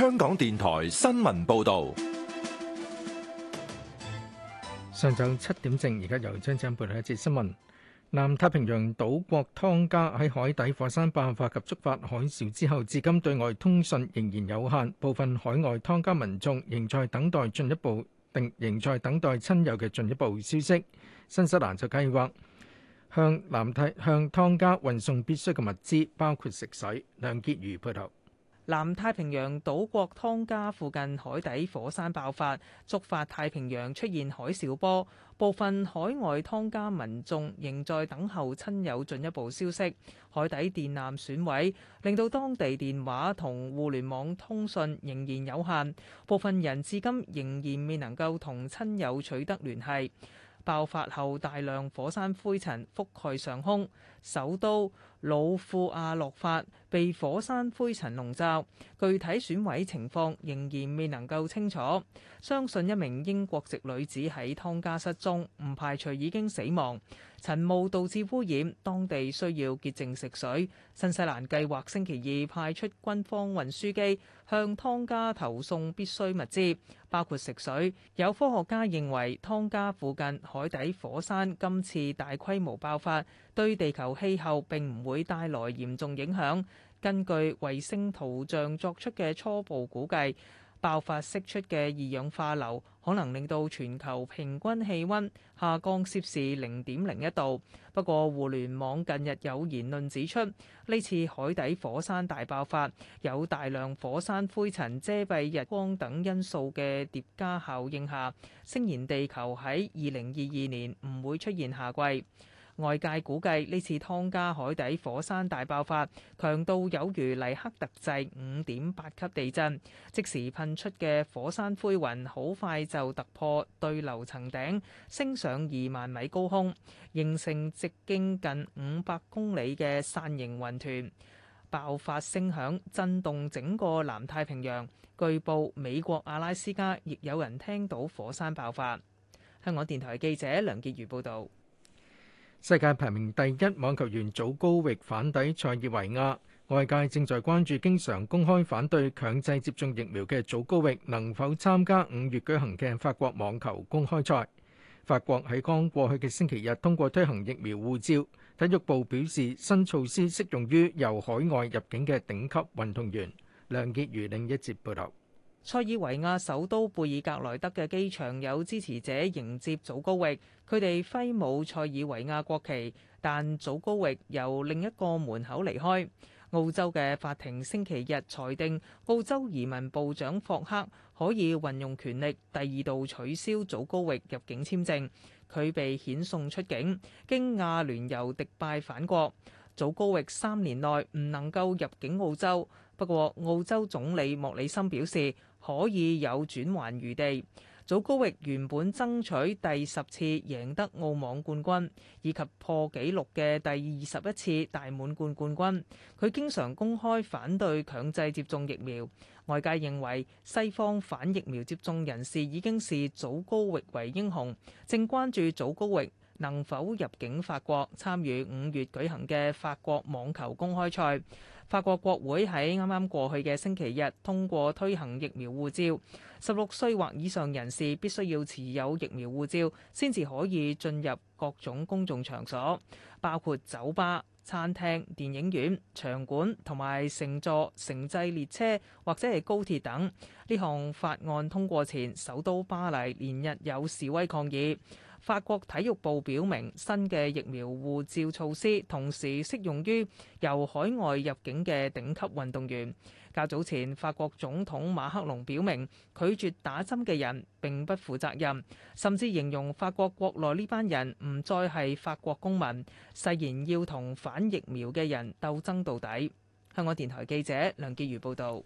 香港電台新聞報道，上晝七點正，而家由張振播一節新聞。南太平洋島國湯加喺海底火山爆發及觸發海嘯之後，至今對外通訊仍然有限，部分海外湯加民眾仍在等待進一步，並仍在等待親友嘅進一步消息。新西蘭就計劃向南太向湯加運送必需嘅物資，包括食水梁潔如配合。南太平洋島國湯加附近海底火山爆發，觸發太平洋出現海嘯波。部分海外湯加民眾仍在等候親友進一步消息。海底電纜損毀，令到當地電話同互聯網通訊仍然有限。部分人至今仍然未能夠同親友取得聯繫。爆發後大量火山灰塵覆蓋上空，首都老富阿洛法被火山灰塵籠罩，具體損毀情況仍然未能夠清楚。相信一名英國籍女子喺湯加失蹤，唔排除已經死亡。塵霧導致污染，當地需要潔淨食水。新西蘭計劃星期二派出軍方運輸機向湯加投送必需物資，包括食水。有科學家認為湯加附近海底火山今次大規模爆發，對地球氣候並唔會。會帶來嚴重影響。根據衛星圖像作出嘅初步估計，爆發釋出嘅二氧化硫可能令到全球平均氣温下降攝氏零點零一度。不過，互聯網近日有言論指出，呢次海底火山大爆發有大量火山灰塵遮蔽日光等因素嘅疊加效應下，聲言地球喺二零二二年唔會出現夏季。外界估計呢次湯加海底火山大爆發強度有如黎克特制5.8級地震，即時噴出嘅火山灰雲好快就突破對流層頂，升上二萬米高空，形成直徑近五百公里嘅傘形雲團。爆發聲響震動整個南太平洋，據報美國阿拉斯加亦有人聽到火山爆發。香港電台記者梁潔如報導。世界排名第一網球員祖高域返抵塞爾維亞，外界正在關注經常公開反對強制接種疫苗嘅祖高域能否參加五月舉行嘅法國網球公開賽，法國喺剛過去嘅星期日通過推行疫苗護照，體育部表示新措施適用於由海外入境嘅頂級運動員。梁潔如另一節報道。塞爾維亞首都貝爾格萊德嘅機場有支持者迎接祖高域，佢哋揮舞塞爾維亞國旗，但祖高域由另一個門口離開。澳洲嘅法庭星期日裁定，澳洲移民部長霍克可以運用權力第二度取消祖高域入境簽證，佢被遣送出境，經亞聯酋迪拜返國。祖高域三年內唔能夠入境澳洲。不過澳洲總理莫里森表示，可以有轉圜餘地。祖高域原本爭取第十次贏得澳網冠軍，以及破紀錄嘅第二十一次大滿貫冠軍。佢經常公開反對強制接種疫苗，外界認為西方反疫苗接種人士已經視祖高域為英雄，正關注祖高域能否入境法國參與五月舉行嘅法國網球公開賽？法國國會喺啱啱過去嘅星期日通過推行疫苗護照，十六歲或以上人士必須要持有疫苗護照，先至可以進入各種公眾場所，包括酒吧、餐廳、電影院、場館同埋乘坐城際列車或者係高鐵等。呢項法案通過前，首都巴黎連日有示威抗議。法國體育部表明，新嘅疫苗護照措施同時適用於由海外入境嘅頂級運動員。較早前，法國總統馬克龍表明，拒絕打針嘅人並不負責任，甚至形容法國國內呢班人唔再係法國公民，誓言要同反疫苗嘅人鬥爭到底。香港電台記者梁潔如報導。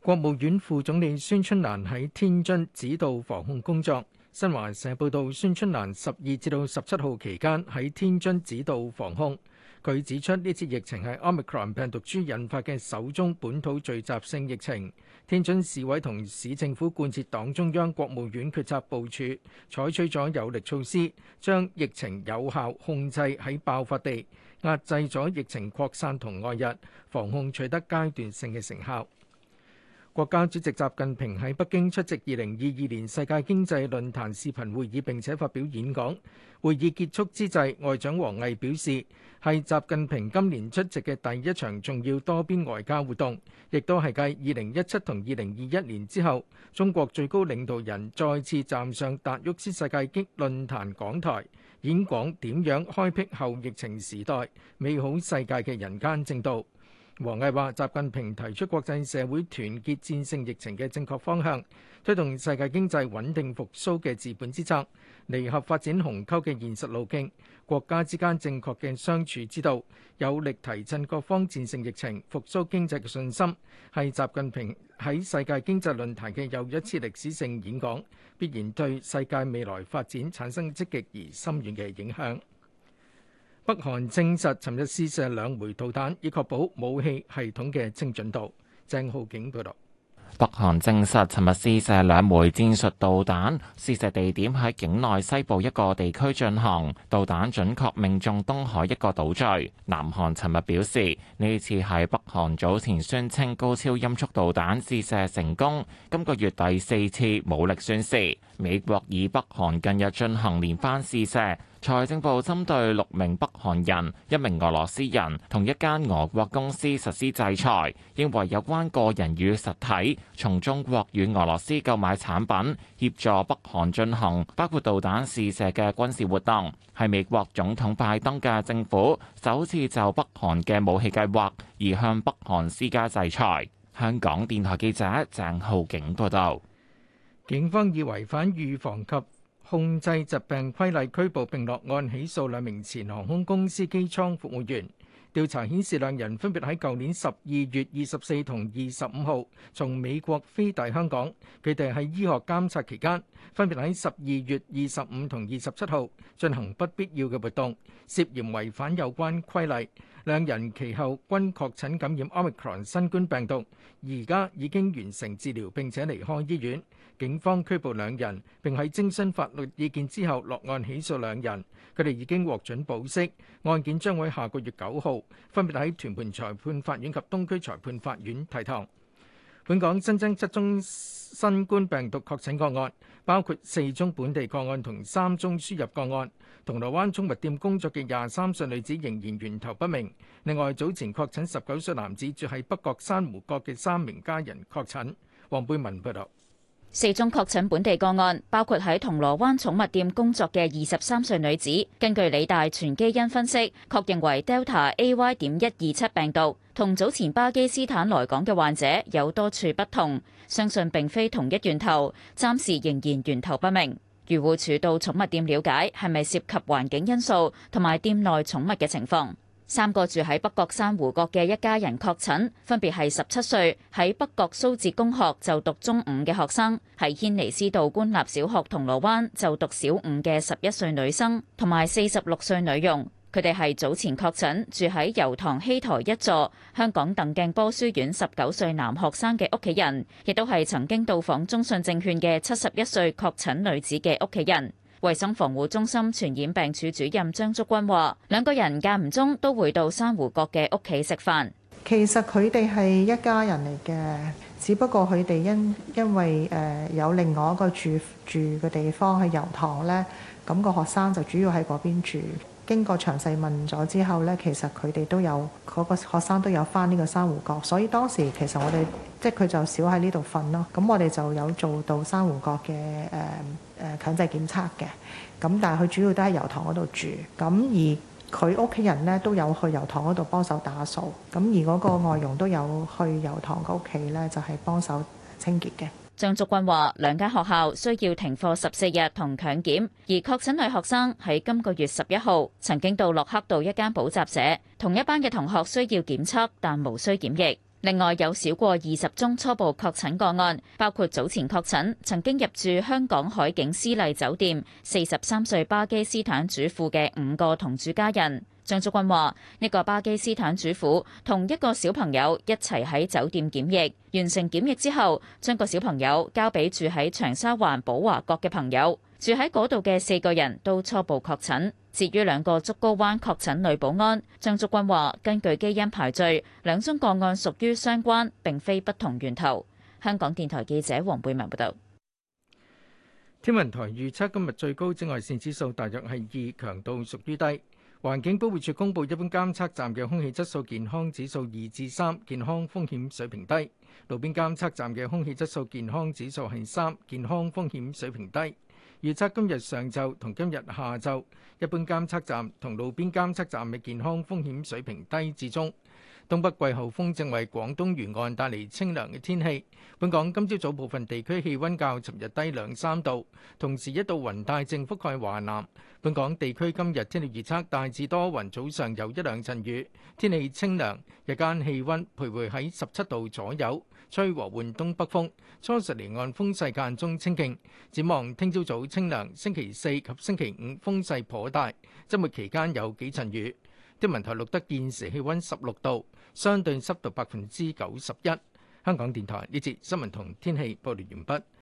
國務院副總理孫春蘭喺天津指導防控工作。新華社報道，孫春蘭十二至到十七號期間喺天津指導防控。佢指出，呢次疫情係 omicron 病毒株引發嘅首宗本土聚集性疫情。天津市委同市政府貫徹黨中央、國務院決策部署，採取咗有力措施，將疫情有效控制喺爆發地，壓制咗疫情擴散同外溢，防控取得階段性嘅成效。國家主席習近平喺北京出席二零二二年世界經濟論壇視頻會議並且發表演講。會議結束之際，外長王毅表示，係習近平今年出席嘅第一場重要多邊外交活動，亦都係繼二零一七同二零二一年之後，中國最高領導人再次站上達沃斯世界激論壇講台，演講點樣開闢後疫情時代美好世界嘅人間正道。王毅話：習近平提出國際社會團結戰勝疫情嘅正確方向，推動世界經濟穩定復甦嘅治本之策，彌合發展鴻溝嘅現實路徑，國家之間正確嘅相處之道，有力提振各方戰勝疫情、復甦經濟嘅信心，係習近平喺世界經濟論壇嘅又一次歷史性演講，必然對世界未來發展產生積極而深遠嘅影響。北韓證實尋日試射兩枚導彈，以確保武器系統嘅精準度。鄭浩景報道：北韓證實尋日試射兩枚戰術導彈，試射地點喺境內西部一個地區進行，導彈準確命中東海一個島嶼。南韓尋日表示，呢次係北韓早前宣稱高超音速導彈試射成功，今個月第四次武力宣示。美國以北韓近日進行連番試射。財政部針對六名北韓人、一名俄羅斯人同一間俄國公司實施制裁，認為有關個人與實體從中國與俄羅斯購買產品，協助北韓進行包括導彈試射嘅軍事活動，係美國總統拜登嘅政府首次就北韓嘅武器計劃而向北韓施加制裁。香港電台記者鄭浩景報道。警方以違反預防及控制疾病規例拘捕並落案起訴兩名前航空公司機艙服務員。調查顯示，兩人分別喺舊年十二月二十四同二十五號從美國飛抵香港，佢哋喺醫學監察期間分別喺十二月二十五同二十七號進行不必要嘅活動，涉嫌違反有關規例。兩人其後均確診感染 Omicron 新冠病毒，而家已經完成治療並且離開醫院。警方拘捕兩人，並喺徵詢法律意見之後落案起訴兩人。佢哋已經獲准保釋，案件將會下個月九號分別喺屯門裁判法院及東區裁判法院提堂。本港新增七宗新冠病毒確診個案，包括四宗本地個案同三宗輸入個案。銅鑼灣寵物店工作嘅廿三歲女子仍然源頭不明。另外，早前確診十九歲男子住喺北角珊瑚閣嘅三名家人確診，黃貝文報道。四宗確診本地個案，包括喺銅鑼灣寵物店工作嘅二十三歲女子。根據理大全基因分析，確認為 Delta AY. 點一二七病毒，同早前巴基斯坦來港嘅患者有多處不同，相信並非同一源頭，暫時仍然源頭不明。漁護署到寵物店了解係咪涉及環境因素同埋店內寵物嘅情況。三個住喺北角珊瑚閣嘅一家人確診，分別係十七歲喺北角蘇浙公學就讀中五嘅學生，係軒尼詩道官立小學銅鑼灣就讀小五嘅十一歲女生，同埋四十六歲女傭。佢哋係早前確診住喺油塘希台一座香港鄧鏡波書院十九歲男學生嘅屋企人，亦都係曾經到訪中信證券嘅七十一歲確診女子嘅屋企人。衛生防護中心傳染病處主任張竹君話：，兩個人間唔中都會到珊瑚閣嘅屋企食飯。其實佢哋係一家人嚟嘅，只不過佢哋因因為誒有另外一個住住嘅地方喺油塘咧，咁、那個學生就主要喺嗰邊住。經過詳細問咗之後呢，其實佢哋都有嗰、嗰個學生都有返呢個珊瑚閣，所以當時其實我哋即係佢就少喺呢度瞓咯。咁我哋就有做到珊瑚閣嘅誒誒強制檢測嘅。咁但係佢主要都喺油塘嗰度住。咁而佢屋企人呢，都有去油塘嗰度幫手打掃。咁而嗰個外傭都有去油塘個屋企呢，就係、係、幫手清潔嘅。張竹君話：兩間學校需要停課十四日同強檢，而確診女學生喺今個月十一號曾經到洛克道一間補習社，同一班嘅同學需要檢測，但無需檢疫。另外有少過二十宗初步確診個案，包括早前確診曾經入住香港海景絲麗酒店四十三歲巴基斯坦主婦嘅五個同住家人。張竹君話：呢、這個巴基斯坦主婦同一個小朋友一齊喺酒店檢疫，完成檢疫之後，將個小朋友交俾住喺長沙灣寶華閣嘅朋友。住喺嗰度嘅四個人都初步確診。至於兩個竹篙灣確診女保安，張竹君話：根據基因排序，兩宗個案屬於相關，並非不同源頭。香港電台記者黃貝文報道。天文台預測今日最高紫外線指數大約係二，強度屬於低。環境保護署公布，一般監測站嘅空氣質素健康指數二至三，健康風險水平低；路邊監測站嘅空氣質素健康指數係三，健康風險水平低。預測今日上晝同今日下晝，一般監測站同路邊監測站嘅健康風險水平低至中。東北季候風正為廣東沿岸帶嚟清涼嘅天氣。本港今朝早部分地區氣温較尋日低兩三度，同時一道雲帶正覆蓋華南。本港地區今日天氣預測大致多雲，早上有一兩陣雨，天氣清涼，日間氣温徘徊喺十七度左右，吹和緩東北風。初時離岸風勢間中清勁。展望聽朝早清涼，星期四及星期五風勢頗大，週末期間有幾陣雨。天文台錄得現時氣温十六度，相對濕度百分之九十一。香港電台呢節新聞同天氣報道完畢。